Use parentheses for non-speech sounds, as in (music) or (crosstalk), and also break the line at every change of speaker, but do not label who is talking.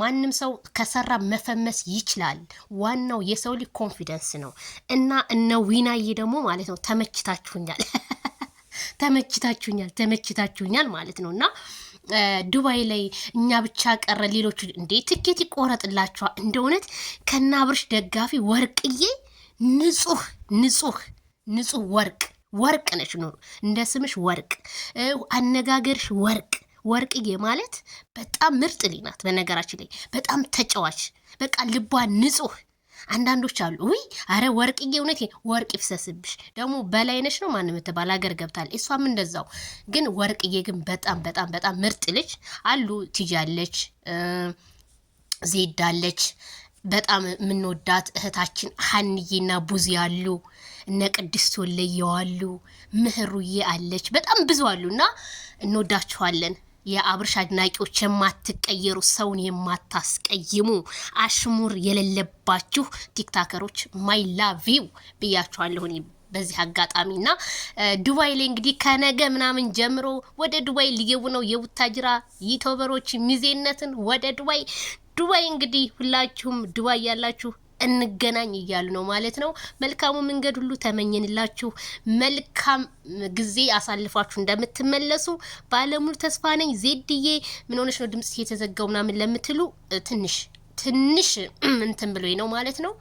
ማንም ሰው ከሰራ መፈመስ ይችላል። ዋናው የሰው ልጅ ኮንፊደንስ ነው እና እነ ዊናዬ ደግሞ ማለት ነው ተመችታችሁኛል፣ (laughs) ተመችታችሁኛል፣ ተመችታችሁኛል ማለት ነው እና ዱባይ ላይ እኛ ብቻ ቀረ ሌሎቹ እንዴ ትኬት ይቆረጥላችኋል። እንደ እውነት ደጋፊ ወርቅዬ ንጹህ ንጹህ ንጹህ ወርቅ ወርቅ ነች። ኖሩ እንደ ስምሽ ወርቅ፣ አነጋገርሽ ወርቅ ወርቅዬ ማለት በጣም ምርጥ ልጅ ናት። በነገራችን ላይ በጣም ተጫዋች፣ በቃ ልቧ ንጹህ። አንዳንዶች አሉ ውይ አረ ወርቅዬ እውነት ወርቅ ይፍሰስብሽ። ደግሞ በላይነሽ ነው ማንም የምትባል ሀገር ገብታል። እሷም እንደዛው ግን ወርቅዬ ግን በጣም በጣም በጣም ምርጥ ልጅ አሉ። ትጃለች፣ ዜዳለች በጣም የምንወዳት እህታችን ሀንዬና ቡዚ አሉ። እነ ቅድስት ወለየዋሉ፣ ምህሩዬ አለች። በጣም ብዙ አሉ እና እንወዳችኋለን። የአብርሽ አድናቂዎች የማትቀየሩ ሰውን የማታስቀይሙ አሽሙር የሌለባችሁ ቲክታከሮች ማይ ላቪው ብያችኋለሁን በዚህ አጋጣሚ ና ዱባይ ላይ እንግዲህ ከነገ ምናምን ጀምሮ ወደ ዱባይ ሊገቡ ነው የቡታጅራ ዩቱበሮች ሚዜነትን ወደ ዱባይ ዱባይ እንግዲህ ሁላችሁም ዱባይ ያላችሁ እንገናኝ እያሉ ነው ማለት ነው። መልካሙ መንገድ ሁሉ ተመኘንላችሁ። መልካም ጊዜ አሳልፋችሁ እንደምትመለሱ ባለሙሉ ተስፋ ነኝ። ዜድዬ ምን ሆነች ነው ድምጽ የተዘጋው ምናምን ለምትሉ ትንሽ ትንሽ (clears throat) እንትን ብሎኝ ነው ማለት ነው።